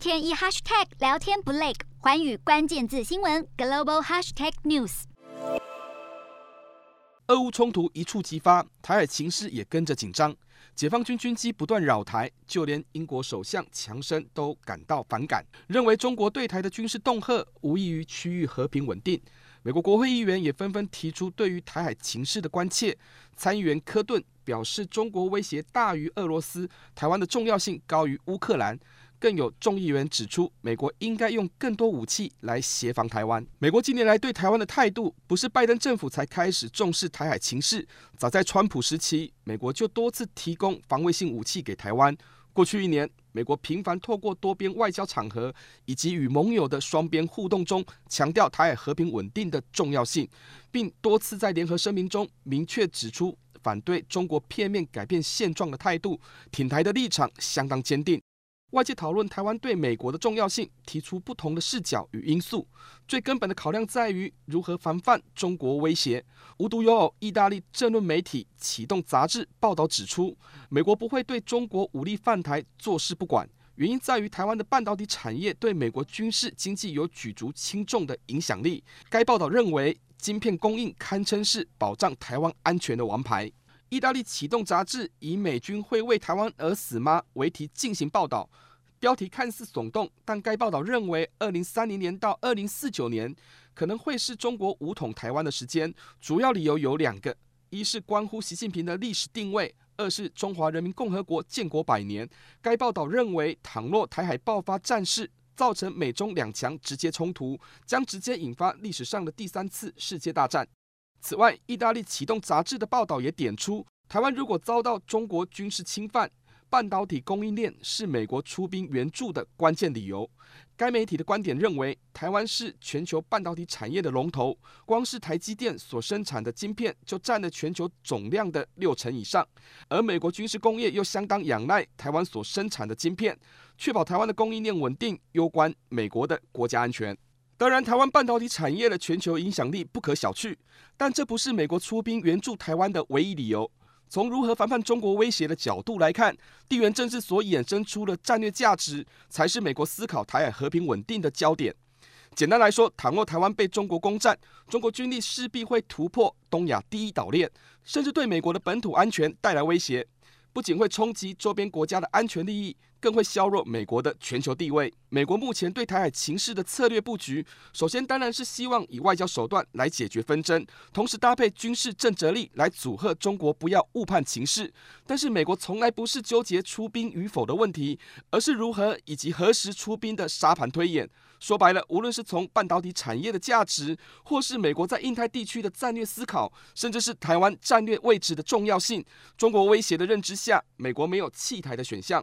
天一 hashtag 聊天不累，寰宇關鍵字新聞 global hashtag news。俄烏衝突一觸即發，台海情勢也跟着緊張。解放軍軍機不斷擾台，就連英國首相強生都感到反感，認為中國對台的軍事恫嚇無異於區域和平穩定。美國國會議員也紛紛提出對於台海情勢的關切。參議員科頓表示，中國威脅大於俄羅斯，台灣的重要性高於烏克蘭。更有眾議員指出，美國應該用更多武器來協防台灣。美國近年來對台灣的態度，不是拜登政府才開始重視台海情勢，早在川普時期，美國就多次提供防衛性武器給台灣。過去一年，美國頻繁透過多邊外交場合以及與盟友的雙邊互動中，強調台海和平穩定的重要性，並多次在聯合聲明中明確指出，反對中國片面改變現狀的態度，挺台的立場相當堅定。外界討論台灣對美國的重要性，提出不同的視角與因素。最根本的考量在於如何防範中國威脅。無獨有偶，意大利政論媒體啟動雜志報道指出，美國不會對中國武力犯台坐視不管，原因在於台灣的半導體產業對美國軍事經濟有舉足輕重的影響力。該報道認為，晶片供應堪稱是保障台灣安全的王牌。意大利啟動雜誌以“美軍會為台灣而死嗎”為題進行報道，標題看似聳動，但該報道認為，二零三零年到二零四九年可能會是中國武統台灣的時間。主要理由有兩個：一是關乎習近平的歷史定位；二是中華人民共和國建國百年。該報道認為，倘若台海爆發戰事，造成美中兩強直接衝突，將直接引發歷史上的第三次世界大戰。此外，意大利啟動雜誌的報道也點出，台灣如果遭到中國軍事侵犯，半導體供應鏈是美國出兵援助的關鍵理由。該媒體的觀點認為，台灣是全球半導體產業的龍頭，光是台積電所生產的晶片就占了全球總量的六成以上，而美國軍事工業又相當仰賴台灣所生產的晶片，確保台灣的供應鏈穩定，攸關美國的國家安全。當然，台灣半導體產業的全球影響力不可小覷，但這不是美國出兵援助台灣的唯一理由。從如何防範中國威脅的角度來看，地緣政治所衍生出的戰略價值，才是美國思考台海和平穩定的焦點。簡單來說，倘若台灣被中國攻占，中國軍力勢必會突破東亞第一島鏈，甚至對美國的本土安全帶來威脅，不僅會衝擊周邊國家的安全利益。更會削弱美國的全球地位。美國目前對台海情勢的策略布局，首先當然是希望以外交手段來解決紛爭，同時搭配軍事震懾力來阻嚇中國不要誤判情勢。但是美國從來不是糾結出兵與否的問題，而是如何以及何時出兵的沙盤推演。說白了，無論是從半導體產業的價值，或是美國在印太地區的戰略思考，甚至是台灣戰略位置的重要性，中國威脅的認知下，美國沒有棄台的選項。